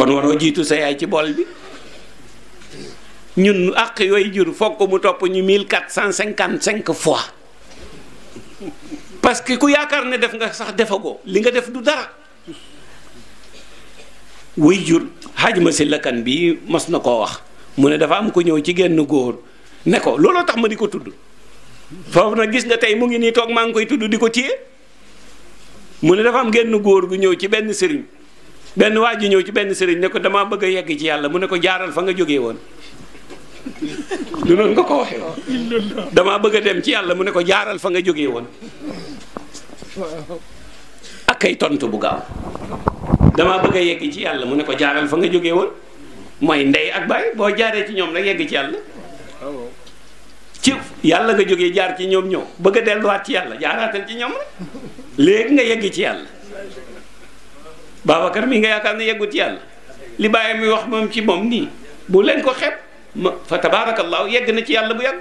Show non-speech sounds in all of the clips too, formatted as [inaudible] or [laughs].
kon waroo jiitu sa yaay ci bool bi ñun àq yooyu jur fokk mu topp ñu mille quatre cent cinquante cinq fois parce que ku yaakaar ne def nga sax ko li nga def du dara wuy jur xaaj ma si lakkan bi mas na koo wax mu ne dafa am ko ñëw ci genn góor ne ko looloo tax ma di ko tudd foofu nag gis nga tey mu ngi nii toog maa ngi koy tudd di ko téye mu ne dafa am genn góor gu ñëw ci benn sëriñ benn waa ji ñëw ci benn sëriñ ne ko damaa bëgg a yegg ci yàlla mu ne ko jaaral fa nga jógee woon nga ko waxee bëgg a ci yàlla mu ne ko jaaral fa nga jógee woon ak kay tontu bu gaaw damaa bëgg a yegg ci yàlla mu ne ko jaaral fa nga jóge woon mooy ndey ak baay boo jaaree ci ñoom nag yegg ci yàlla ci yàlla nga jóge jaar ci ñoom ñëw bëgg delluwaat ci yàlla jaaraatal ci ñoom rek léegi nga yegg ci yàlla Babacar mi nga yaakaar ne yeggut yàlla li bàyyi muy wax moom ci moom nii bu leen ko xeeb ma fa tabaarakallaahu yegg na ci yàlla bu yàgg.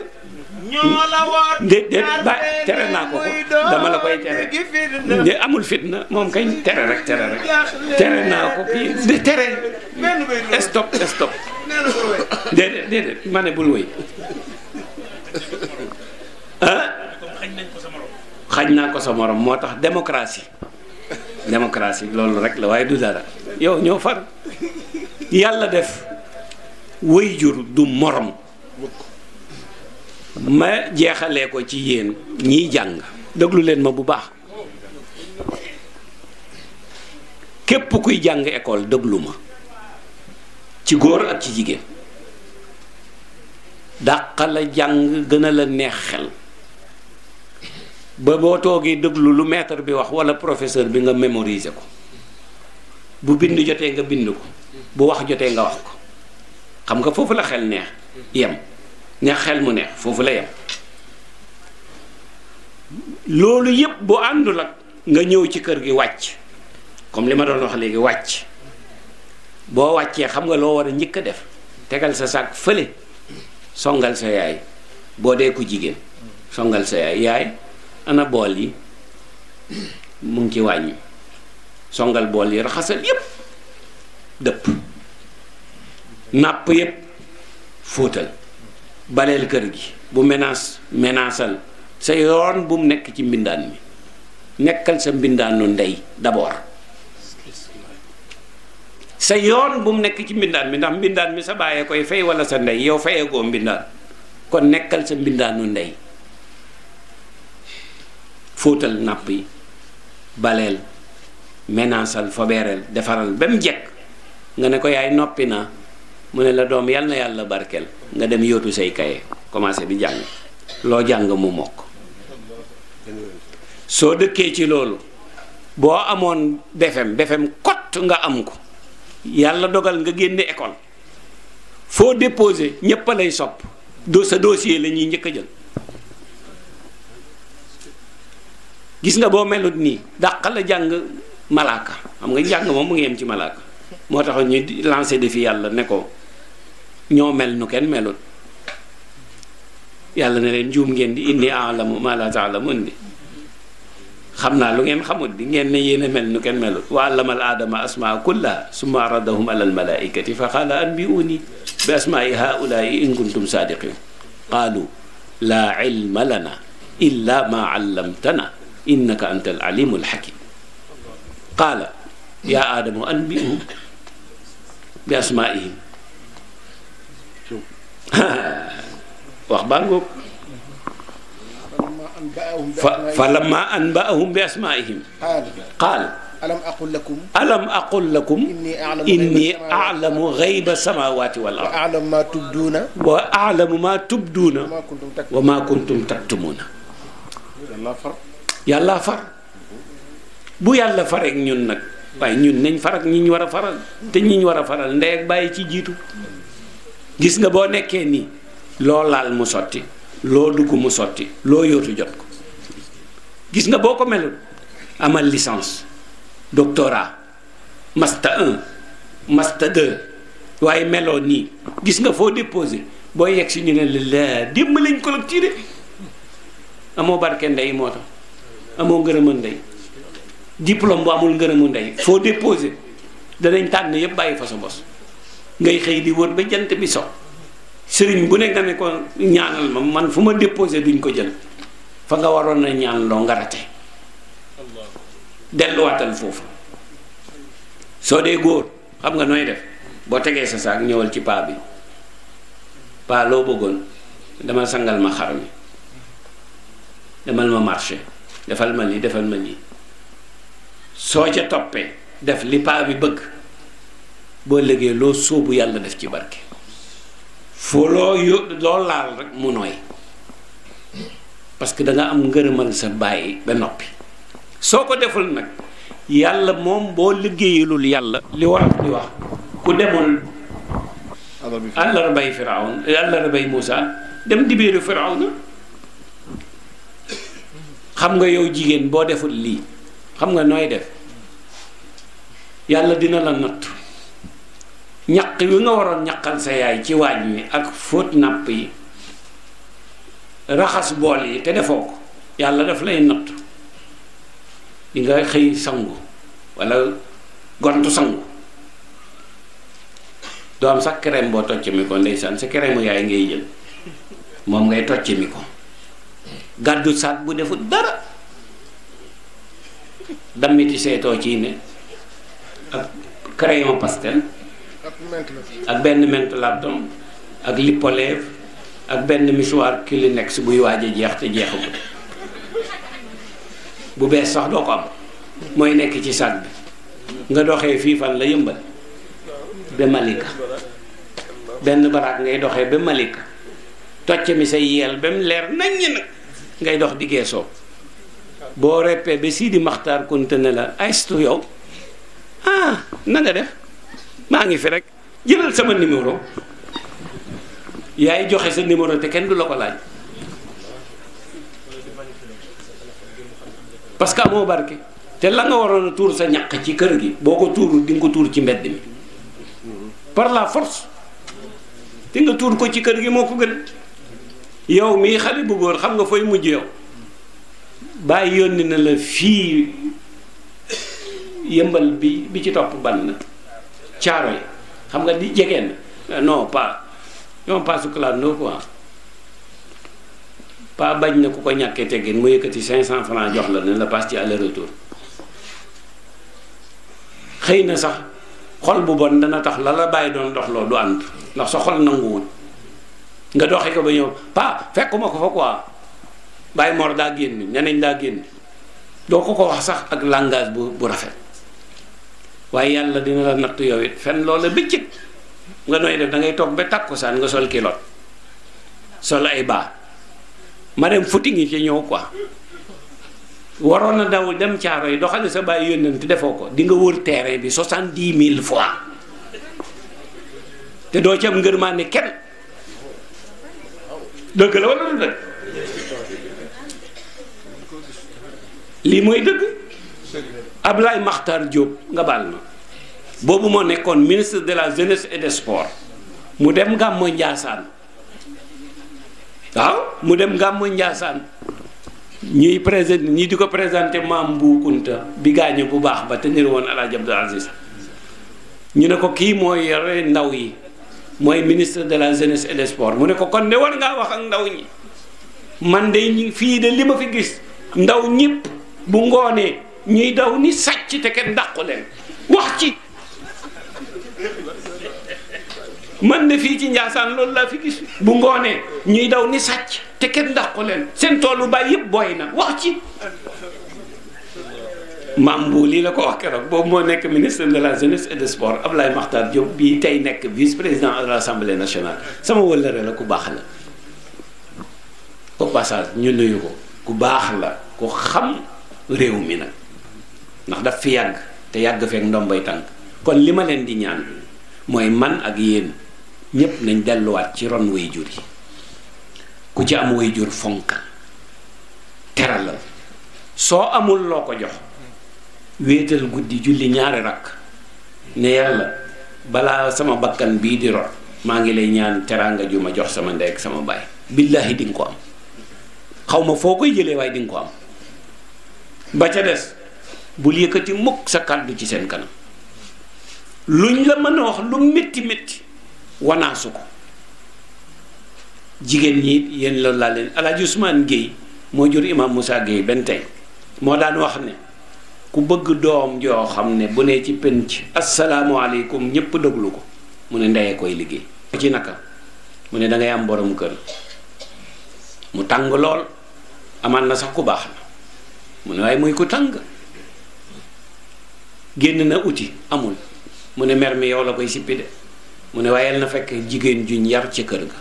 ñoo la woon déedéet tere naa ko koy de moom kañ tere rek tere rek tere naa ko kii de tere bul wéy ah naa ko sa morom moo tax démocratie démocratie loolu rek la waaye du dara yow ñoo far yàlla def wayjur du morom ma jeexale ko ci yéen ñiy jàng déglu leen ma bu baax képp kuy jàng ekool déglu ma ci góor ak ci jigéen dàqa jàng gën a la neex xel ba boo toogee déglu lu meetar bi wax wala professeur bi nga mémoriser ko bu bind jotee nga bind ko bu wax jotee nga wax ko xam nga foofu la xel neex yem neex xel mu neex foofu la yem loolu yépp bu àndul ak nga ñëw ci kër gi wàcc comme li ma doon wax léegi wàcc boo wàccee xam nga loo war a njëkk a def tegal sa sàkk fële songal sa yaay boo dee ku jigéen songal sa yaay yaay ana bool yi mu ngi ci wàññi songal bool yi raxasal yépp dëpp nàpp yépp fóotal baleel kër gi bu menaas menaasal sa yoon bu mu nekk ci mbindaan mi nekkal sa mbindaanu ndey d'abord sa yoon bu mu nekk ci mbindaan mi ndax mbindaan mi sa bàyyee koy fay wala sa ndey yow fayee goo mbindaan kon nekkal sa mbindaanu ndey fóotal napp yi baleel menaasal fobeereel defaral ba mu jekk nga ne ko yaay noppi naa mu ne la doom yal na yàlla barkeel nga dem yootu say kaye commencé bi jàng loo jàng mu mokk soo dëkkee ci loolu boo amoon befem befem kot nga am ko yàlla dogal nga génne école foo déposé ñépp lay sopp do sa dossier la ñuy njëkk a jël gis nga boo melut nii dàqal la jàng malaaka xam nga jàng moom mu ngi yem ci malaaka moo tax ñu lancé défi yàlla ne ko ñoo mel nu kenn melut yàlla ne leen juum ngeen di inni alamu ma la taalamun di xam naa lu ngeen xamul di ngeen ne yéen mel nu kenn melut wa allamal aadama asmaa kullaha summa aradahum ala almalaikati fa qaala anbiuni bi asmaai haulaai in kuntum saadiqin qaalu laa ilma lana ma allamtana innaka anta al alimu al hakim qaala yaa aadamu anbi'uhum bi asmaa'ihim [laughs] wax baa ngoog fa lamma anba'ahum bi asmaa'ihim qaala alam aqul lakum alam aqul lakum inni a'lamu ghayba samawati wal ard wa a'lamu ma tubduna wa a'lamu ma tubduna wa ma kuntum taktumuna yàllaa far bu yàlla far ak ñun nag waaye ñun nañ far ak ñi ñu war a faral te ñi war a faral ndey ak bàyyi ci jiitu gis nga boo nekkee nii loo laal mu sotti loo dugg mu sotti loo yootu jot ko gis nga boo ko melul amal licence doctorat master 1 master 2 waaye meloo nii gis nga foo déposé boo yegg si ñu ne la démb lañ ko lëg ci amoo barke ndey moo tax amoo ngërëma ndey diplôme bu amul ngërëma ndey foo déposé danañ tànn yëpp bàyyi fa sa bos ngay xëy di wër ba jant bi so sëriñ bu ne nga ne ko ñaanal ma man fu ma déposé duñ ko jël fa nga waroon na ñaan loo nga rate delluwaatal foofu soo dee góor xam nga nooy def boo tegee sa saak ñëwal ci paa bi paa loo bëggoon dama sangal ma xar mi demal ma marché defal ma ni defal ma lii soo ca toppee def li bi bëgg boo légee loo sóobu yàlla def ci barke foo loo yó- loo laal rek mu nooy parce que da nga am ngërëmal sa bàyyi ba noppi soo ko deful nag yàlla moom boo liggéeyalul yàlla li wolof di wax ku demul àllarba yi firawn àllarba yi Muusa dem dibeeru firawn xam nga yow jigéen boo deful lii xam nga nooy def yàlla dina la natt ñaq wi nga waroon ñaqal sa yaay ci waañ wi ak fóot nàpp yi raxas bool yi te defoo ko yàlla daf lay natt di nga xëy sangu walla gontu sangu doo am sax crème boo tocc mi ko ndeysaan sa crème yaay ngay jël moom ngay tocc mi ko gàddu saat bu deful dara dammiti seetoo ci ne ak crayon pastel ak benn ment ak lippolève ak benn mouchoir Kleenex buy waaj a jeex te jeexagul bu bees sax doo ko am mooy nekk ci saat bi nga doxee fii fan la yëmbal ba Malika benn baraag ngay doxee ba Malika tocc mi sa yeel ba mu leer naññ nag ngay dox di geesoo boo reppee ba sii di maxtaar konte ne la aystu yow ah na nga maa ngi fi rek jëlal sama numéro yaay joxe sa numéro te kenn du la ko laaj parce que amoo barke te la nga waroon a tuur sa ñaq ci kër gi boo ko tuur di ko tuur ci mbedd mi par la force te nga tuur ko ci kër gi moo ko gën yow mii xale bu góor xam nga fooy mujj yow bàyyi yónni na la fii yëmbal bi bi ci topp ban na caaro yi xam nga di jegeen eh, non pas non pas su clando quoi pas bañ na ku ko ñàkkee teggin mu yëkkati cinq cent francs jox la ne la passe ci aller retour xëy na sax xol bu bon dana tax la la bàyyi doon doxloo du ànd ndax sa xol nanguwul nga doxee ko ba ñëw pa fekkuma ko fa quoi bàyyi mor daa génn ñeneen daa génn doo ko ko wax sax ak langage bu bu rafet waaye yàlla dina la natt yow it fen bi ci nga nooy def da ngay toog ba tàkkusaan nga sol kilot sol ay baa ma dem futi ngi ci ñëw quoi waroon na daw dem caaro yi doxale sa bàyyi yónnante defoo ko di nga wër terrain bi soixante-dix mille fois te doo ca am ngërmaane kenn dëgg la wala du dëgg lii mooy dëgg Ablaye Makhtar Diop nga baal ma boobu moo nekkoon ministre de la jeunesse et des sports mu dem gàmmo Njaasaan waaw mu dem gàmmo Njaasaan ñuy présenté ñi di ko présenté maam bu Kunta bi gaañu bu baax ba te niru woon El Hadj Abdou ñu ne ko kii mooy yore ndaw yi mooy ministre de la jeunesse et des sports mu ne ko kon ne war ngaa wax ak ndaw ñi man de fii de li ma fi gis ndaw ñëpp bu ngoonee ñuy daw ni sàcc te kenn dàqu wax ci man de fii ci Njaasaan bu ngoonee ñuy daw ni sàcc te kenn dàqu leen seen toolu baay yëpp booy na wax ci maam bu lii la ko wax keroog boobu moo nekk ministre de la jeunesse et des sports Ablaye Makhtar Diop bii tey nekk vice président de l' assemblée nationale sama wëllëre la ku baax la au passage ñu nuyu ko ku baax la ku xam réew mi nag ndax daf fi yàgg te yàgg feek ndombay tànk kon li ma leen di ñaan mooy man ak yéen ñépp nañ delluwaat ci ron way jur yi ku ci am way jur fonkal teralal soo amul loo ko jox wéetal guddi julli ñaari rakk ne yàlla balaa sama bakkan bii di rot maa ngi lay ñaan teraanga ju ma jox sama ndey ak sama baay billaahi di ko am xaw ma foo koy jëlee waaye di ko am ba ca des bul yëkkati mukk sa kàddu ci seen kanam luñ la mën a wax lu métti métti wanaasu ko jigéen ñi yéen loolu laa leen Alaaji Ousmane Guèye moo jur Imam Moussa Guèye benn tey moo daan wax ne ku bëgg doom joo xam ne bu ne ci penc asalaamualeykum ñépp déglu ko mu ne ndeye koy liggéey ci naka mu ne dangay ngay am borom kër mu tàng lool amaan na sax ku baax la mu ne waaye muy ku tàng génn na uti amul mu ne mer mi yow la koy sippi de mu ne waaye na fekk jigéen juñ yar ci kër ga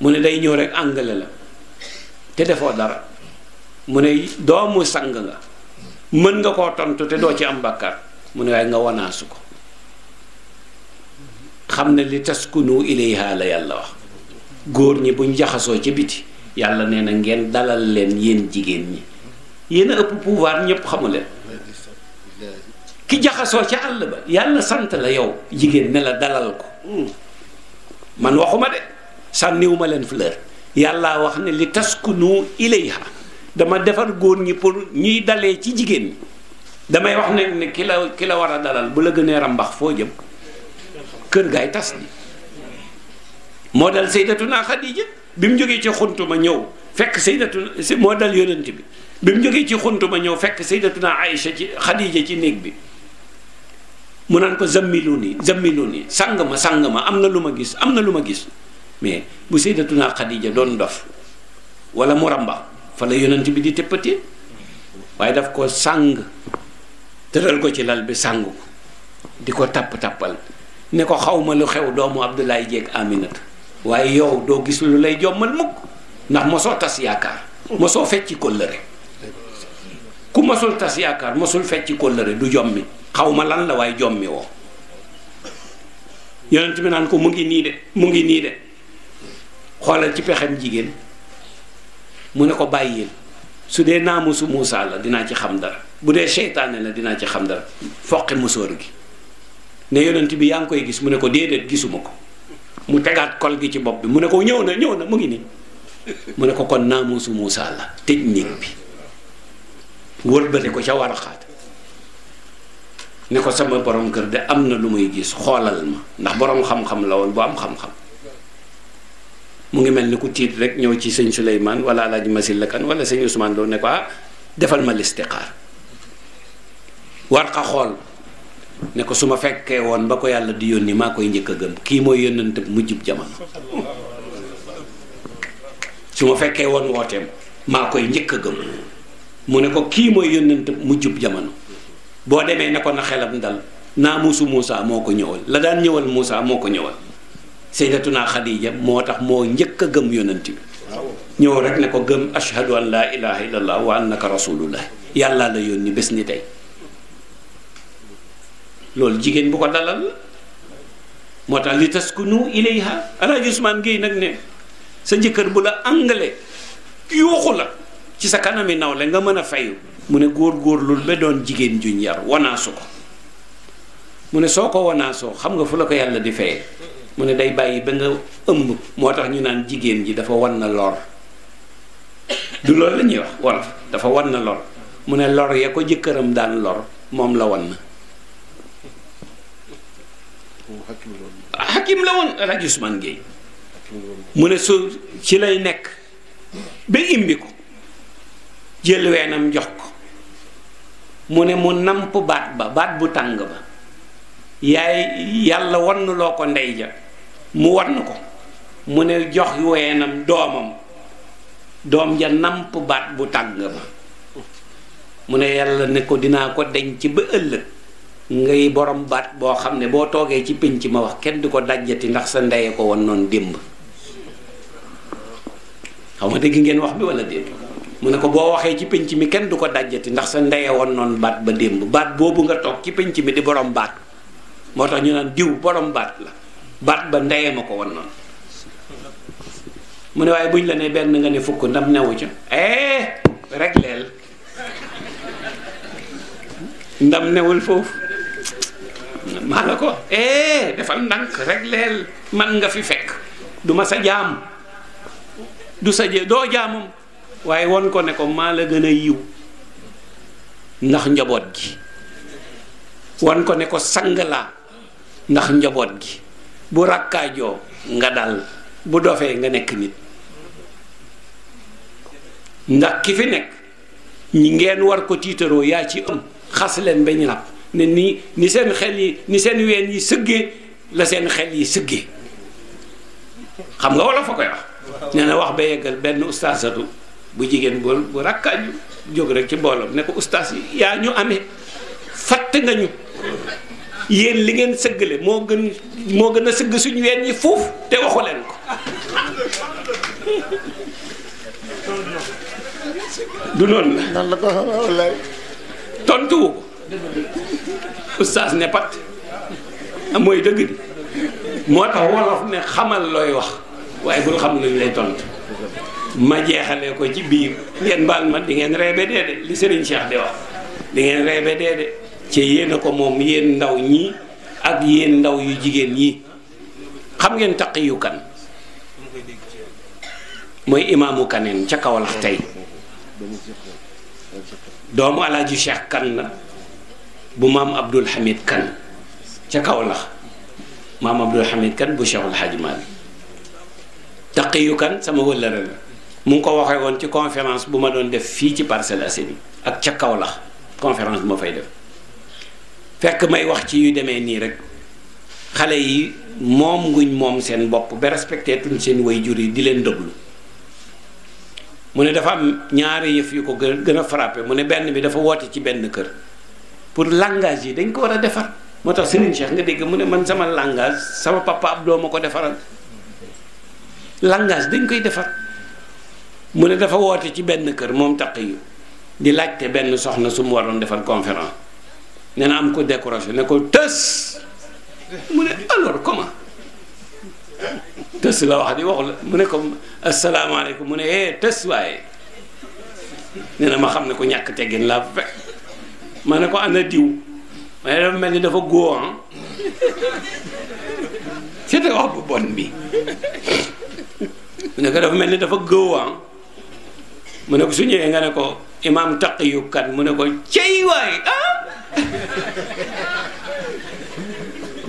mu ne day ñëw rek àngale la te defoo dara mu ne doomu sang nga mën nga koo tontu te doo ci am bàkkaar mu ne waaye nga wanaasu ko xam ne li tas taskunu ilayha la yàlla wax góor ñi buñ jaxasoo ca biti yàlla nee na ngeen dalal leen yéen jigéen ñi yéen a ëpp pouvoir ñëpp xamu leen ki jaxasoo ca àll ba yàlla sant la yow jigéen ne la dalal ko hmm. man waxuma de sànniwuma leen fleur yàlla wax ne li tas ku taskunu ilayha dama defar góor ñi pour ñuy dalee ci jigéen ñi damay wax ne ne ki la ki la war a dalal bu la gënee rambax foo jëm kër gaay tas ji moo dal saydatuna Xadija bi mu jógee ci xuntuma ñëw fekk saydatuna moo dal yonent bi bi mu jógee ci xuntuma ñëw fekk saydatuna Aïcha ci Xadija ci néeg bi mu naan ko zammiluni zammiluni sang ma sang ma am na lu ma gis am na lu ma gis mais bu saydatuna Xadija doon dof wala mu rambax fa la yonent bi di tëppati waaye daf ko sàng tëral ko ci lal bi sangu ko di ko tàpp tàppal ne ko xaw ma lu xew doomu Abdoulaye jeeg Aminata waaye yow doo gis lu lay jommal mukk ndax mosoo tas yaakaar mosoo fecci kóllëre ku mosul tas yaakaar mosul fecci kóllëre du jommi xawma lan la waaye jommi woo bi naan ko mu ngi nii de mu ngi nii de xoolal ci pexem jigéen mu ne ko bàyyil su dee naamusu Muusa la dinaa ci xam dara bu dee seytaane la dinaa ci xam dara foqi musóor gi ne yonant bi yaa ngi koy gis mu ne ko déedéet gisuma ko mu tegaat kol gi ci bopp bi mu ne ko ñëw na ñëw na mu ngi nii mu ne ko kon naamusu Muusa la tëj néeg bi wëlbate ko ca waraxaat ne ko sama borom kër de am na lu muy gis xoolal ma ndax borom xam-xam la woon bu am xam-xam mu ngi mel ni ku tiit rek ñëw ci sëñ Souleymane wala El Hadj Masil Lakan wala sëñ Ousmane Lo ne ko ah defal ma listixaar war xa xool ne ko su ma fekkee woon ba ko yàlla di yónni maa koy njëkk a gëm kii mooy yónnante mujjub jamono su ma fekkee woon wooteem maa koy njëkk a gëm mu ne ko kii mooy yónnante mujjub jamono boo demee ne ko na xelam dal naa muusu Moussa moo ko ñëwal la daan ñëwal Moussa moo ko ñëwal. sayyidatuna Khadija moo tax moo njëkk a gëm yonent bi ñëw rek ne ko gëm ashhadu an laa ilaha illallah wa annaka rasulullah yàlla la yónni bés ni tey loolu jigéen bu ko dalal moo tax li taskunu ilayha alaaji Usmaan Géy nag ne sa jëkkër bu la angale yuuxu la ci sa kanami nawle nga mën a fayu mu ne góor góorlul ba doon jigéen juñ yar wanaasu ko mu ne soo ko wanaasoo xam nga fu la ko yàlla di fayee mu ne day bàyyi ba nga ëmb moo tax ñu naan jigéen ji dafa wan na lor du loolu lañuy ñuy wax wolof dafa wan na lor mu ne lor ya ko jëkkëram daan lor moom la wan na xakim la woon Alaaji Usmaan Géey mu ne su ci lay nekk ba imbi ko jël weenam jox ko mu ne mu namp baat ba baat bu tàng ba yaay yàlla wann loo ko ndey ja mu wann ko mu ne jox weenam doomam doom ja namp baat bu tàng ma mu ne yàlla ne ko dinaa ko ci ba ëllëg ngay borom baat boo xam ne boo toogee ci pénc ma wax kenn di ko dajjati ndax sa ndeye ko wan noonu démb xaw ma dégg ngeen wax bi wala démb mu ne ko boo waxee ci pénc mi kenn du ko dajjati ndax sa ndeye wan noonu baat ba démb baat boobu nga toog ci pénc mi di borom baat moo tax ñu naan diw borom baat la baat ba ndeyam a ko won noonu mu ne waaye buñ la ne benn nga ne fukk ndam newu ca eh rek ndam newul foofu maa la ko eh defal ndànk rek leel man nga fi fekk du ma sa jaam du sa jee doo jaamam waaye won ko ne ko maa la gën a yiw ndax njaboot gi won ko ne ko sang laa ndax njaboot gi bu rakkaajoo nga dal bu dofee nga nekk nit ndax ki fi nekk ñi ngeen war ko tiitaroo yaa ci am xas leen ba ñaab ne ni ni seen xel yi ni seen ween yi sëggee la seen xel yi sëggee xam nga wala fa koy wax nee na wax ba yeggal benn ustaasatu bu jigéen bu bu rakkaaju jóg rek ci mbooloom ne ko ustaas yaa ñu amee fàtte nga ñu yéen li ngeen sëggale moo gën moo gën a sëgg suñu ween yi fuuf te waxu leen ko du noon la la tontuwu ko oustaz ne pat mooy dëgg di moo tax wolof ne xamal looy wax waaye bul xam lu lay tontu ma jeexalee ko ci biir ngeen baal ma di ngeen reebe dee de li seen Cheikh di wax di ngeen reebe dee de ci yéen a ko moom yéen ndaw ñi ak yéen ndaw yu jigéen yi xam ngeen taq yu kan mooy imaamu kaneen ca Kawlax tey doomu alaaji Cheikh kan la bu maam Abdul Hamid kan ca kaw Kawlax maam Abdul Hamid kan bu Cheikhul Hadji Malick taq yu kan sama wëllëre la mu ngi ko waxee woon ci conférence bu ma doon def fii ci Parcelles Assainies ak ca Kawlax conférence bu ma fay def fekk may wax ci yu demee nii rek xale yi moom nguñ moom seen bopp ba respecte tuñ seen way jur yi di leen déglu mu ne dafa am ñaari yëf yu ko gën a frappé mu ne benn bi dafa woote ci benn kër pour langage yi dañ ko war a defar moo tax Serigne Cheikh dégg mu ne man sama langage sama papa ab doo ma ko defaral langage dañ koy defar mu ne dafa woote ci benn kër moom taq yu di laajte benn soxna su mu waroon defal conférence ne na am ko découragé ne ko tës mu ne alors comment tës la wax di waxu mu ne ko asalaamaaleykum mu ne eh tës waaye nee na ma xam ne ko ñàkk teggin laa fekk ma ne ko ana diw ma ne dafa mel ni dafa góor ah. bi mu ne ko dafa mel ni dafa góor ah. mu ne ko ñëwee nga ne ko. imaam taqiyu kan mu ne ko cey waay ah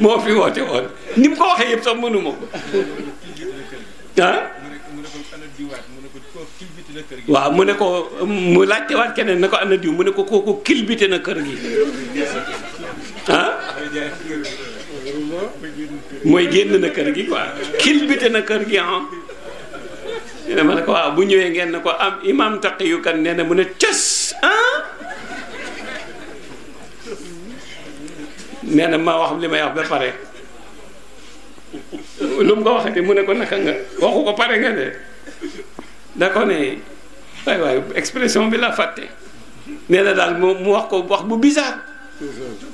moo fi woote woon ni mu ko waxee yëpp sax mënuma ko ah waaw mu ne ko mu laajte waat keneen ne ko ana diw mu ne ko kooku kilbite na kër gi ah mooy génn na kër kilbite na kër ah nee ma ne ko waaw bu ñëwee ngeen na ko am imam taqiyu kan nee na mu ne cës ah na ma wax li may wax ba pare lu mu ko waxati mu ne ko naka nga waxu ko pare nga de da ko ne waay waay expression bi la fàtte nee na daal mu wax ko wax bu bizarre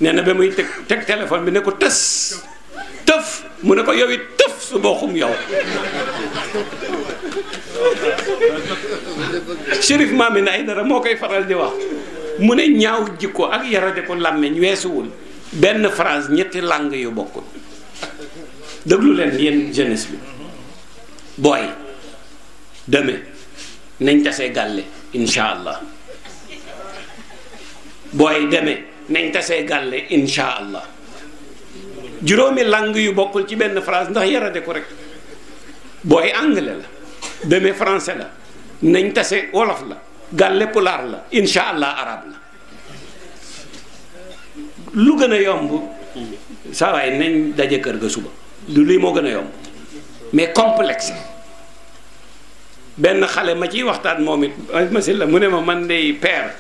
nee na ba muy teg teg téléphone bi ne ko tës tëf mu ne ko yow tëf su boxum yow Chérif Mamine Aïdara moo koy faral di wax mu ne ñaaw jikko ak yarade ko làmmiñ weesuwul benn phrase ñetti làng yu bokkul déglu leen yéen jeunesse bi booy deme nañ tasee gàlle insha allah booy deme nañ tasee gàlle insha allah juróomi langue yu bokkul ci benn phrase ndax yarade ko rek booy anglais la demee français la nañ tase wolof la gàlle pulaar la incha allah arabe la lu gën a yomb saa waay nañ daje kër ga suba du lii moo gën a yomb mais complexe benn xale ma ciy waxtaan moom it masil la mu ma man dey père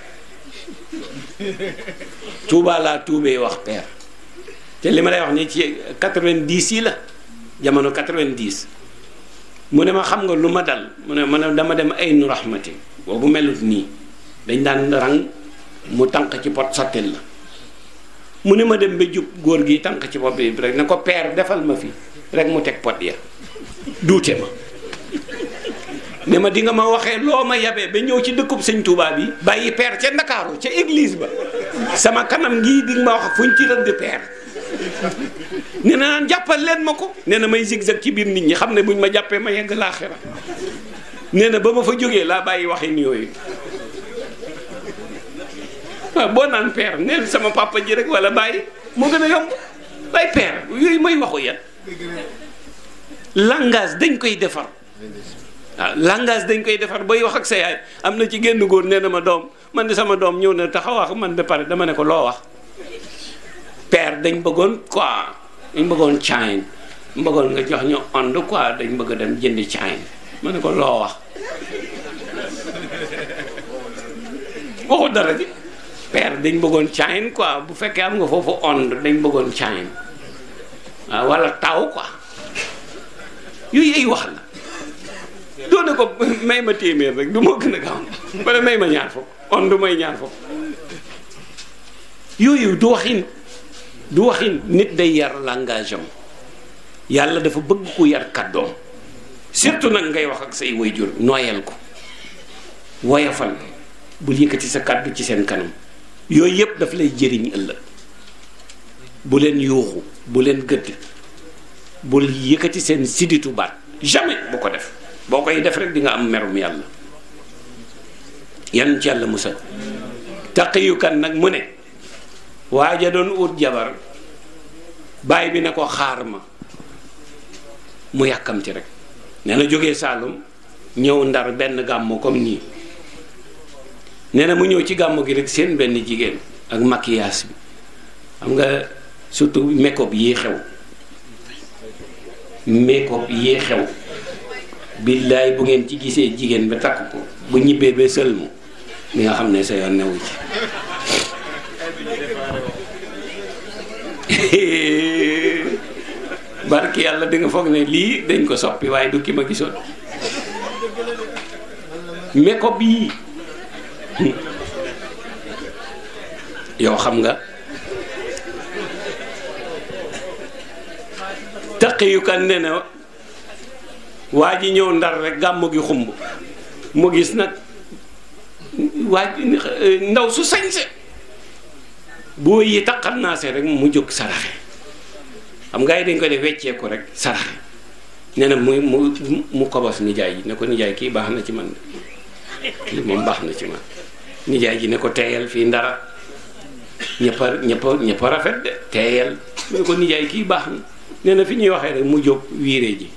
Touba tuubee wax père te li ma lay wax nii ci 90 yi la jamono 90 mu ne ma xam nga lu ma dal mu ne ma dama dem aynu rahmati boobu melut nii dañ daan rang mu tànq ci pot sottil la mu ne ma dem ba jub góor gi tànq ci bopp rek ne ko peer defal ma fi rek mu teg pot ya duute ma ne ma dinga ma waxee loo ma yabee ba ñëw ci dëkkub sëñ Touba bi bàyyi peer ca Ndakaaru ca eglise ba sama kanam ngii di nga ma wax fuñ ci rëdd peer nee naan jàppal leen ma ko nee na may zigzag ci biir nit ñi xam ne buñ ma jàppee ma yegg laaxira nee na ba ma fa jógee laa bàyyi waxin yooyu waaw ah, boo naan père neel sama pàppa ji rek wala bàyyi moo gën a yomb bay père yooyu mooy waxu yan langage dañ koy defar waaw ah, langage dañ koy defar booy wax ak sa yaay am na ci génn góor nee na ma doom man de sama doom ñëw na taxaw wax man de pare dama ne ko loo wax per dañ bëggoon quoi dañ bëggoon chaine bëggoon nga jox ñu ond quoi dañ bëgg dem jëndi chaine ma ne ko loo wax waxu dara ji père dañ bëggoon chaine quoi bu fekkee am nga foofu ond dañ bëggoon chaine waaw ah, wala taw quoi yooyu ay wax la ko may ma téeméer rek du moo gën may ma ñaar foofu on may ñaar foofu yooyu du waxin du waxin nit day yar langage yàlla dafa bëgg ku yar kàddoom surtout nag ngay wax ak say waajur nooyal ko woyofal bul yëkkati sa kàddu ci seen kanam yooyu yëpp daf lay jëriñ ëllëg bu leen yuuxu buleen leen gëdd bul yëkkati seen sidditu baat jamais bu ko def boo koy def rek nga am merum yàlla yan ci yàlla musal taqiyukan nag mu ne ja doon ut jabar baay bi ne ko xaar ma mu yàkkamti rek nee na jógee Saalum ñëw ndar benn gàmmu comme nii nee na mu ñëw ci gàmmu gi rek seen benn jigéen ak makiyaas bi xam nga surtout make-up yii xew make-up yii xew billaay bu ngeen ci gisee jigéen ba takk ko bu ñibbee ba mu li nga xam ne sa yoon newu ci [laughs] barki yàlla di foog ne lii dañ ko soppi waaye du ki ma gisoon meko bii [laughs] yow xam nga taqi kan ne na waa ji ñëw ndar rek gàmmu gi xumb mu gis nag waa ji ndaw su sañse bu wéy yi tax xam naa se rek mu jóg saraxe xam nga dañ ko def wecceeku rek saraxe nee na mu mu mu kobos nijaay ji ne ko nijaay kii baax na ci man kii na ci man nijaay ji ne ko teeyal fii ndara ñëpp a ñëpp rafet de ko nijaay kii baax na nee na fi ñuy waxee rek mu jóg wiire ji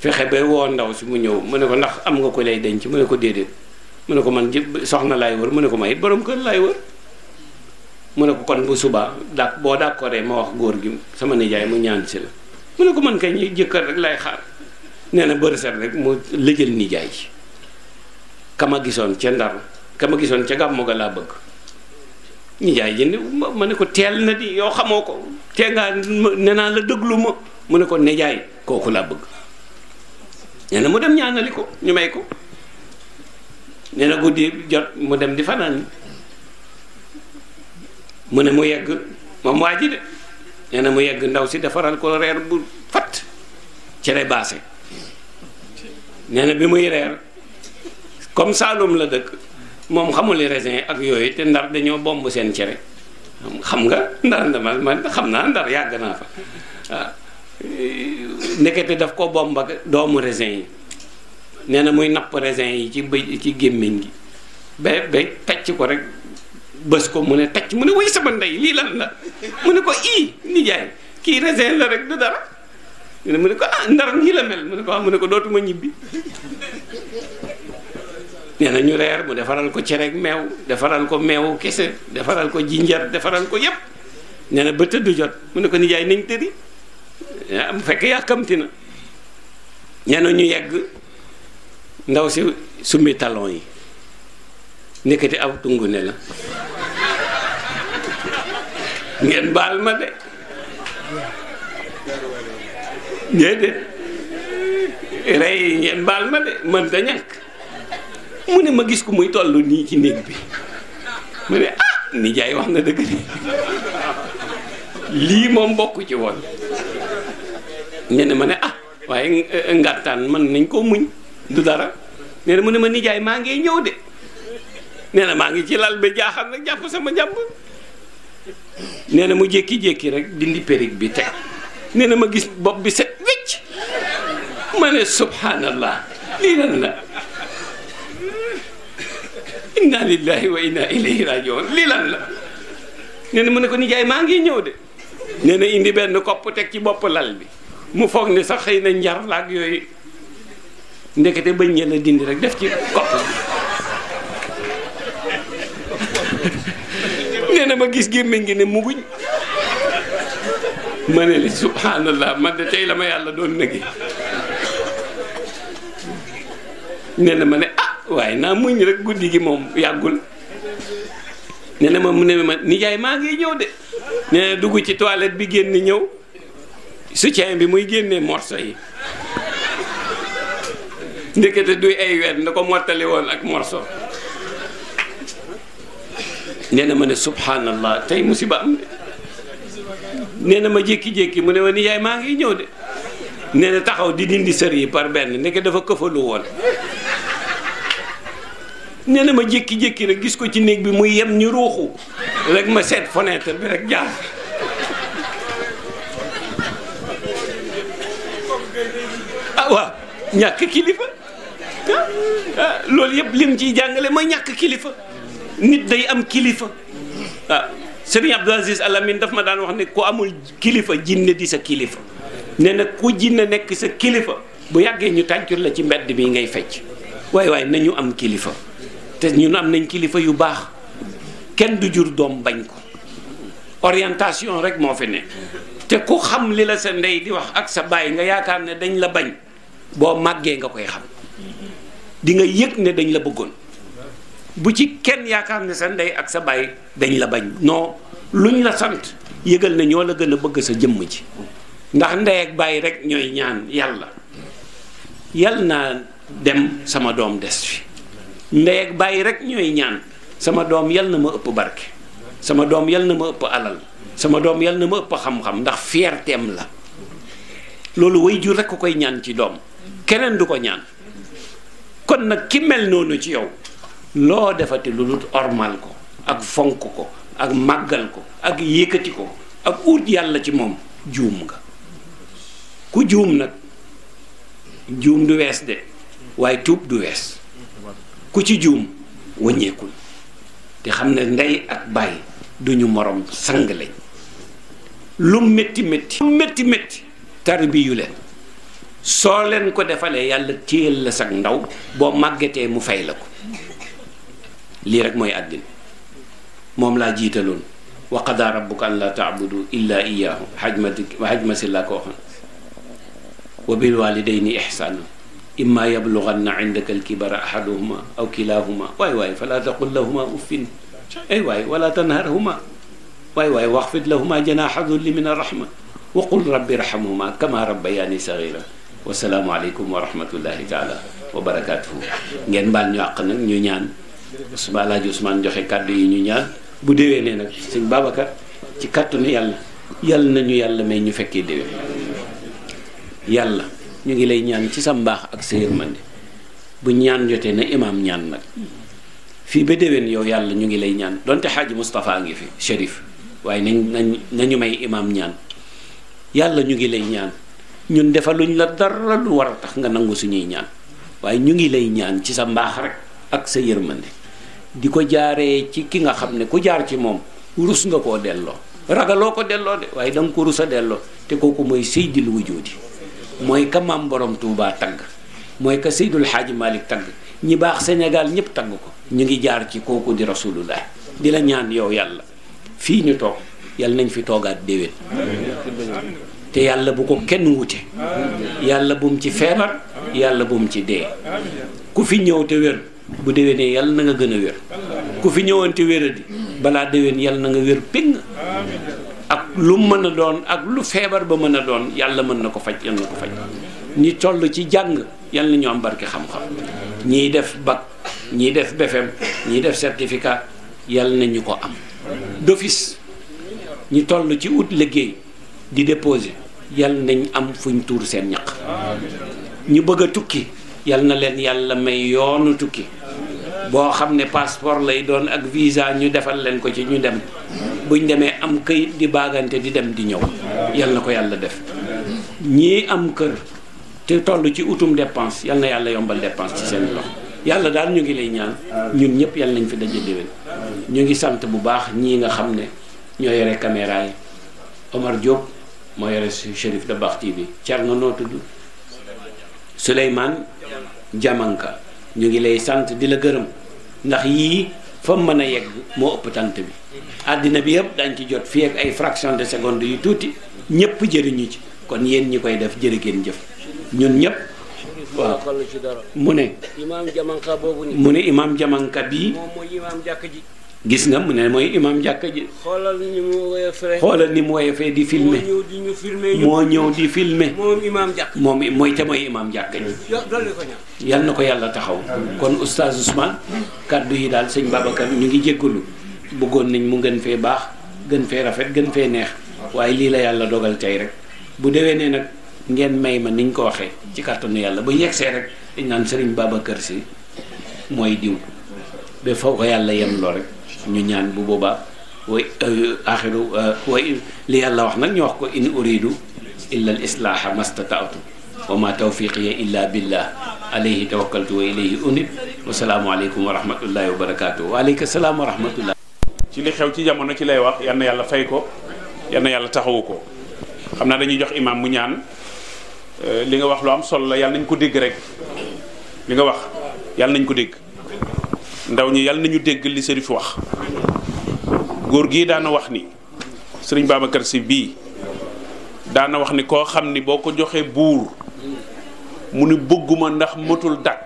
fexe ba woo ndaw si mu ñëw mu ne ko ndax am nga ko lay ci mu ne ko déedéet mu ne ko man soxna laay wër mu ne ko may borom kër laay wër mu ne ko kon bu subaa dak boo d'accordee ma wax góor gi sama nijaay mu ñaan si la mu ne ko man kay jëkkër rek lay xaar nee na bër set rek mu lëjël nijaay kama gisoon ca ndar kama gisoon ca gàmmu ga laa bëgg nijaay ji ne ne ko teel na di yow xamoo ko tee ngaa ne naa la dëglu ma mu ne ko nijaay kooku laa bëgg nee na mu dem ñaanali ko ñu may ko ne na guddi jot mu dem di fanaan mu ne mu yegg moom waa ji de nee na mu yegg ndaw si defaral ko reer bu fat cere baase nee na bi muy reer comme Saalum la dëkk moom xamul raisin ak yooyu te ndar dañoo bomb seen cere xam nga ndar ndama man xam naa ndar yàgg naa fa waaw ah, ndekete daf ko bomb ak doomu raisin yi nee na muy napp raisin yi ci bëj ci gémmiñ gi ba ba tacc ko rek bës ko mu ne tacc mu ne wuy sama ndey lii lan la mu ne ko ii nijaay kii raisin la rek du dara mu ne ko ah ndar nii la mel mu ne ko ah mu ne ko dootuma ñibbi nee na ñu reer mu defaral ko cere ak meew defaral ko meewu kese defaral ko jinjar defaral ko yépp nee na ba tëdd jot mu ne ko nijaay nañ tëddi bu ah fekk yàkkamti na nee ñu yegg ndaw si summi talon yi nekkati ab tungu ne la ngeen baal ma de déedéet rey ngeen baal ma de mën ta ñàkk mu ne ma gis ko muy toll nii ci néeg bi mu ne ah nijaay wax na dëgg lii moom bokk ci woon ñene ma ne ah waaye eh, ngantaan man nañ koo muñ du dara nee mu ne ma nijaay maa ngi ñëw de nee na maa ngi ci lal ba jaaxal nag jàpp sama jàpp nee na mu jékki-jékki rek dindi périg bi teg nee na ma gis bopp bi set wécc ma ne subhanallah lii la inna lillahi wa inna ilayhi lii lan la nee na mu ne ko nijaay maa ngi ñëw de nee na indi benn kopp teg ci bopp lal bi mu foog ni sax xëy na njar laak yooyu ndekete bañ ñe la dindi rek def ci kopp nee na ma gis gémmiñ gi ne muguñ ma ne li subhanallah man de tey la ma yàlla doon nëgge nee ma ne ah waaye naa muñ rek guddi gi moom yàggul nee ma mu ne ma nijaay maa ngi ñëw de nee dugg ci toilette bi génn ñëw su soutien bi muy génne morso yi ndekete duy ay wet nda ko mottali woon ak morso nee na ma ne subhanallah tey musiba am ne nee na ma jékki-jékki mu ne ma ni yaay maa ngiy ñëw de nee taxaw di dindi sër yi par benn ndeke dafa këfalu woon nee ma jékki-jékki rek gis ko ci néeg bi muy yem ñu ruuxu rek ma seet fenêtre bi rek jaar ah ñàkk kilifa ah, ah, loolu yëpp lim ciy jàngale ma ñàkk kilifa nit day am kilifa waaw ah, sëriñ Aziz Alamine daf ma daan wax ne ku amul kilifa jinne di sa kilifa ne nag ku jinne nekk sa kilifa bu yàggee ñu tàncul la ci mbedd bi ngay fecc waaye waaye nañu am kilifa te ñu am nañ kilifa yu baax kenn du jur doom bañ ko orientation rek moo fi ne te ku xam li la sa ndey di wax ak sa baay nga yaakaar ne dañ la bañ boo màggee nga koy xam dinga nga yëg ne dañ la bëggoon bu ci kenn yaakaar ne sa ndey ak sa baay dañ la bañ non luñ la sant yëgal na ñoo la gën a bëgg sa jëmm ji ndax ndey ak baay rek ñooy ñaan yàlla yal naa dem sama doom des fi ndey ak rek ñooy ñaan sama doom yal na ma ëpp barke sama doom yal na ma ëpp alal sama doom yal na ma ëpp xam-xam ndax fierteem la loolu waajur rek ko koy ñaan ci doom keneen du ko ñaan kon nag ki mel noonu ci yow loo defate lu dul ormal ko ak fonk ko ak màggal ko ak yëkkati ko ak ut yàlla ci moom juum nga ku juum nag juum du wees de waaye tuub du wees ku ci juum wàññeekul te xam ne ndey ak bàyyi duñu moroom sang lañ lu métti métti lu tarbiyu leen soo leen ko defalee yàlla téyel la sag ndaw boo màggetee mu fay la ko lii rek mooy àddina moom laa jiitaloon wa qadaa rabbuka an laa taabudu illa iyaahu xaj ma si laa ko waxoon wa bil walidayni ixsaanan imma yabluganna indaka alkibara ahaduhuma aw kilahuma waay waay falaa taqul lahuma uffin ay waay wala tanharhuma waay waay waxfid lahuma janaaxa dulli min arrahma wa qul rabbi rahamhuma kama rabbayaani saxiira wasalaamu aleykum wa rahmatullahi taala wa barakaatuhu ngeen baal ñu àq nag ñu ñaan Ousmane El joxe kàddu yi ñu ñaan bu déwee nag sëñ ci kàttanu yàlla yàlla nañu yàlla may ñu fekkee déwee yàlla ñu ngi lay ñaan ci sa mbaax ak sa yërmande bu ñaan jotee na imaam ñaan nag fii ba déwén yow yàlla ñu ngi lay ñaan donte xaaji Moustapha ngi fi waaye nañ nañ may imaam yàlla ñu ngi lay ñaan ñun defaluñ la dara lu war a tax nga nangu suñuy ñaan waaye ñu ngi lay ñaan ci sa mbaax rek ak sa yërmande di ko jaaree ci ki nga xam ne ku jaar ci moom rus nga koo delloo ragaloo ko delloo de waaye da ko rus a delloo te kooku mooy seydil wujoodi mooy ka maam borom tuubaa tagg mooy ka seydul xaaji Malick tagg ñi baax senegal ñëpp tagg ko ñu ngi jaar ci kooku di rasulullah di la ñaan yow yàlla fii ñu toog yàlla nañ fi toogaat déwén te yàlla bu ko kenn wute yàlla bum ci feebar yàlla bum ci dee ku fi ñëw te wér bu déwénee yàlla na nga gën a wér ku fi ñëwanti wéradi balaa déwén yàlla na nga wér ping ak lu mën a doon ak lu feebar ba mën a doon yàlla mën na ko faj yàlla ko faj ñi toll ci jàng yàlla na ñu am barki xam-xam ñiy def bac ñiy def BFEM ñiy def certificat yàlla na ñu ko am dofis ñi toll ci ut liggéey di déposer yàlla nañ am fuñ tuur seen ñaq ñu bëgg a tukki yal na leen yàlla may yoonu tukki boo xam ne passeport lay doon ak visa ñu defal leen ko ci ñu dem buñ demee am këyit di baagante di dem di ñëw yal na ko yàlla def ñii am kër te toll ci utum dépense yal na yàlla yombal dépense ci seen loxo yàlla daal ñu ngi lay ñaan ñun ñëpp yal nañ fi daje déwén ñu ngi sant bu baax ñii nga xam ne ñoo yore caméra yi Omar Diop moo yore si Chérif Dabakh TV Thierno noo tudd Souleymane jamanka ñu ngi lay sant di la gërëm ndax yii fa mën a yegg moo ëpp tant bi àddina bi yëpp dañ ci jot fii ak ay fraction de seconde yu tuuti ñëpp jëriñu ci kon yéen ñi koy def jërë ngeen jëf ñun ñëpp waaw mu ne imaam jamanka boobu mu ne imaam jamanka bii moom mooy imaam jàkk ji gis nga mu ne mooy imam jàkka ji. xoolal ni mu woyofee. xoolal ni mu woyofee di filmer. moo ñëw di ñu filmer moo ñëw di filmer. moom imam jàkka moom mooy te mooy imam jàkka ji. yal na ko yàlla taxaw. kon oustaz Ousmane. kaddu yi daal sëñ Babacar ñu ngi jéggalu. bëggoon nañ mu gën fee baax gën fee rafet gën fee neex waaye lii la yàlla dogal tey rek bu ne nag ngeen may ma ni niñ ko waxee ci kàttanu yàlla ba yegsee rek dañ naan sëriñ Babacar si mooy diw ba foo ko yàlla yem loo rek. ñu ñaan bu boobaa way euh, axiru euh, way li yàlla wax nag ñu wax ko in uridu illa al islaaha mastataatu wa ma tawfiqiya illa billah alayhi tawakkaltu wa ilayhi unib wasalaamu aleykum wa rahmatullahi wa barakatuh wa aleyka salaam wa rahmatullah ci li xew ci jamono ci lay wax yal yàlla fay ko yal yàlla taxawu ko xam naa dañuy jox imaam mu ñaan euh, li nga wax lu am solo la yàlla nañ ko dégg rek li nga wax yàlla nañ ko dégg ndaw ñi yàlla nañu dégg li sëriñ fi wax góor gii daana wax ni sëriñ Babacar Sy bii daana wax ni koo xam ni boo ko joxee buur mu ni bëgguma ndax matul dak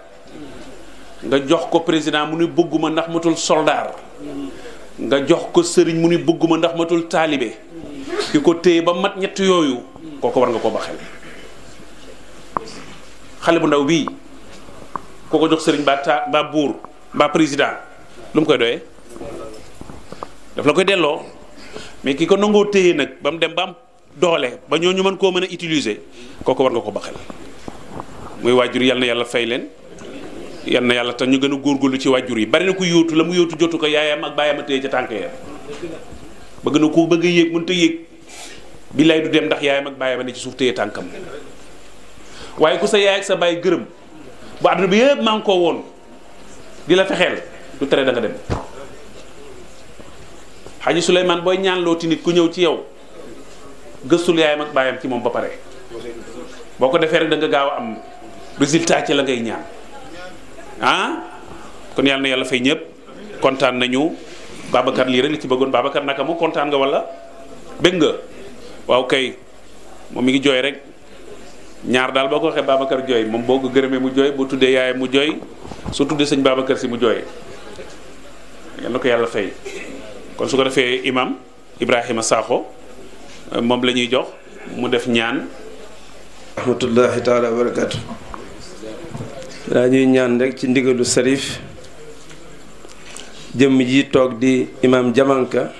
nga jox ko président mu ni bëgguma ndax matul soldaar nga jox ko sëriñ mu ni bëgguma ndax matul taalibe ki ko téye ba mat ñett yooyu kooko war nga ko ba xel xale bu ndaw bii koo ko jox sëriñ ba ta buur mbaa président lu mu koy doyee daf la koy delloo mais ki ko nangoo téye nag ba mu dem ba am doole ba ñoo ñu mën koo mën a utiliser kooku war nga ko ba xel muy waajur yal na yàlla fay leen yal na yàlla tax ñu gën a góor góorgóorlu ci waajur yi bari na ko yóotu la mu yóotu jotu ko yaayam ak baayam a téye ca bëgg na koo bëgg a yéeg mënut a yéeg billaay dem ndax yaayam ak baayam a ci suuf tànkam waaye ku sa yaay ak sa baay gërëm bu àdduna bi yëpp maa koo woon di la fexeel du tere da nga dem xaji Souleymane booy ñaan looti nit ku ñëw ci yow gëstul yaayam ak baayam ci moom ba pare boo ko defee rek danga nga gaaw a am résultat ci la ngay ñaan ah kon yàlla na yàlla fay ñëpp kontaan nañu Babacar lii rek li ci bëggoon Babacar naka mu kontaan nga wala bëgg nga waaw kay moom mi ngi jooy rek ñaar daal boo ko waxee Babacar jooy moom boo gërëmee mu jooy boo tuddee yaayam mu jooy su tuddee sëñ Babacar si mu jooyee yal na ko yàlla fay kon su ko defee imam Ibrahima Sakho moom lañuy jox mu def ñaan. rahmatullahi ñuy ñaan rek ci ndigalu Sarif jëmm ji toog di imaam Jamanka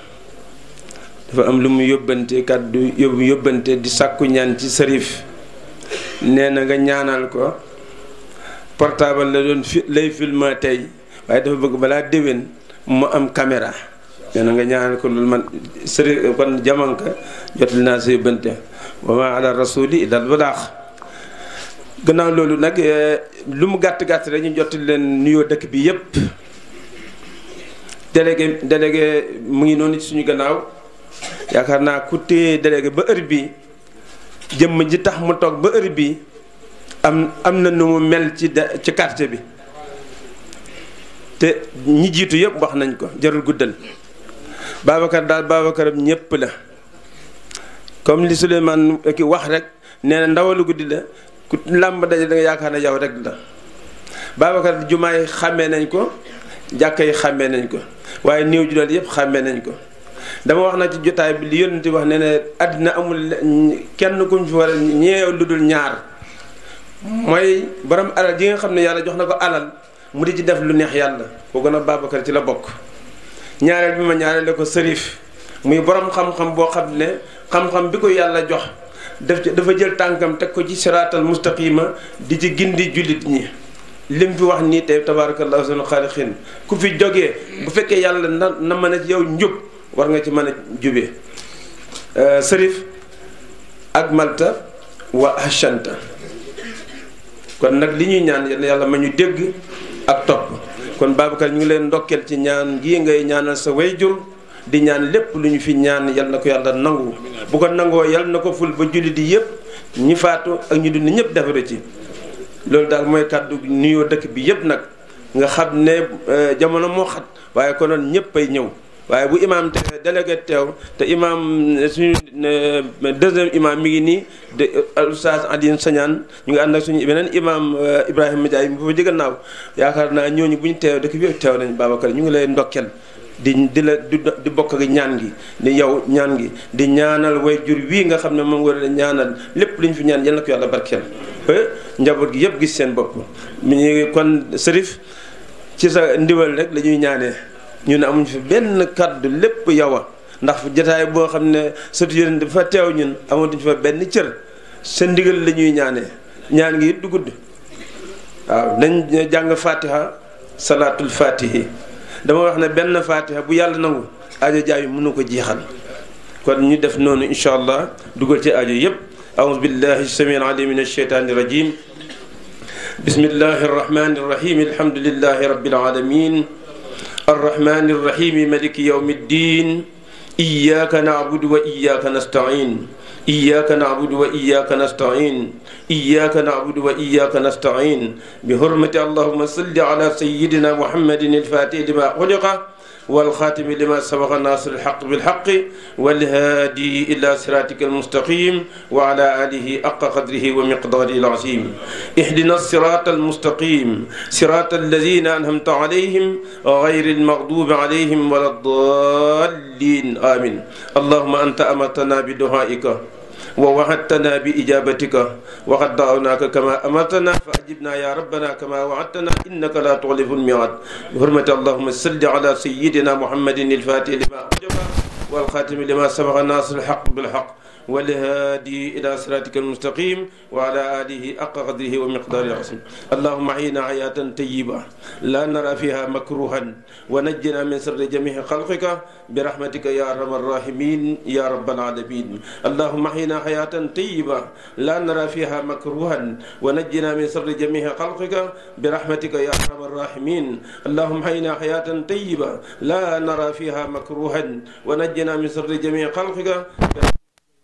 dafa am lu mu yóbbante kàddu yóbbu yóbbante di sàkku ñaan ci Sarif nee na nga ñaanal ko. portable la doon fi lay filma tey waaye dafa bëgg balaa déwén mu am caméra nee nga ñaar ko loolu man sëriñ kon jamanka jotul naa si bënte wa ma ala rasuli ilal balaax gannaaw loolu nag eh, lu mu gàtt gàtt rek ñu jotul leen nuyoo dëkk bi yépp délégué délégué mu ngi noonu ci suñu gannaaw yaakaar naa ku téye délégué ba heure bi jëmm ji tax mu toog ba heure bi am am na nu mu mel ci da ci quartier bi te ñi jiitu yëpp wax nañ ko jarul guddal Babacar daal Babacar ñépp la comme li Souleymane ki wax rek nee na ndawalu guddi la ku làmb daje da yaakaar ne yow rekk la Babacar jumaa yi xàmmee nañ ko jàkka yi xàmmee nañ ko waaye néew ju doon yëpp xàmmee nañ ko dama wax na ci jotaay bi li yonent wax ne ne àddina amul kenn kuñ fi war a ñeew lu dul ñaar mooy borom alal ji nga xam ne yàlla jox na ko alal mu di ci def lu neex yàlla ko gën a Babacar ci la bokk ñaareel bi ma ñaareel ko sërif muy boroom xam-xam boo xam ne xam-xam bi ko yàlla jox daf dafa jël tànkam teg ko ci siraatal mustaqima di ci gindi jullit ñi lim fi wax nii tey tabaarakallaahu sunu xaalixiin ku fi jógee bu fekkee yàlla na na mën a ci yow njub war nga ci mën a jubee euh, sërif ak malta wa hashanta kon nag li ñuy ñaan yàlla ma ñu dégg ak topp kon Babacar ñu ngi leen ndokkeel ci ñaan gii ngay ñaanal sa wayjur di ñaan lépp lu ñu fi ñaan yal na ko yàlla nangu bu ko nangoo yal na ko ful ba jullit yi yëpp ñi faatu ak ñu dund ñëpp defaru ci loolu daal mooy kàddu nuyoo dëkk bi yëpp nag nga xam ne euh, jamono moo xat waaye konoon ñëpp ay ñëw waaye bu imaam te délégué teew te imaam suñu deuxième imaam mi ngi nii de oustaz Alioune Sagnane ñu ngi ànd ak suñu beneen imaam euh, Ibrahima Ndiaye bu fa jëgën naaw yaakaar naa ñooñu bu ñu teew dëkk bi teew nañ Babacar ñu ngi lay ndokkel di di la di bokk ñaan gi di yow ñaan gi di ñaanal way jur wii nga xam ne moom war a ñaanal lépp lu ñu fi ñaan yal na ko yàlla barkeel ba njaboot gi yëpp gis seen bopp. mu ñu kon sërif ci sa ndiwal rek la ñuy ñaanee. ñu ne amuñ fi benn kàddu lépp yow a ndax jotaay boo xam ne sëtu yéen dafa teew ñun amatuñ fa benn cër sa ndigal la ñuy ñaan ngi du gudd waaw dañ jàng fatiha salaatul fatihi dama wax ne benn fatiha bu yàlla nangu aajo jaay mënu ko jeexal kon ñu def noonu incha allah dugal ci aajo yépp أعوذ بالله السميع العليم من الشيطان الرجيم بسم الله الرحمن الرحيم الحمد لله رب العالمين الرحمن الرحيم ملك يوم الدين إياك نعبد وإياك نستعين إياك نعبد وإياك نستعين إياك نعبد وإياك نستعين بحرمة اللهم صل على سيدنا محمد الفاتح لما خلق والخاتم لما سبق ناصر الحق بالحق والهادي إلى صراطك المستقيم وعلى آله أق قدره ومقداره العظيم اهدنا الصراط المستقيم صراط الذين أنهمت عليهم غير المغضوب عليهم ولا الضالين آمين اللهم أنت أمرتنا بدعائك wa waxattanaa bi ijaabatika waxat daawnaka kama amartana fa ajibna ya rabbana kama waxattanaa innaka la tuxlifu lmiad bi hurmati allahuma salli ala sayidina muhammadin ilfatih lima ajaba walxaatimi lima sabaxa naasir alxaq bilxaq والهادي إلى صراطك المستقيم وعلى آله حق قدره ومقداره العظيم اللهم أحينا حياة طيبة لا نرى فيها مكروها ونجنا من شر جميع خلقك برحمتك يا أرحم الراحمين يا رب العالمين اللهم أحينا حياة طيبة لا نرى فيها مكروها ونجنا من شر جميع خلقك برحمتك يا أرحم الراحمين اللهم أحينا حياة طيبة لا نرى فيها مكروها ونجنا من شر جميع خلقك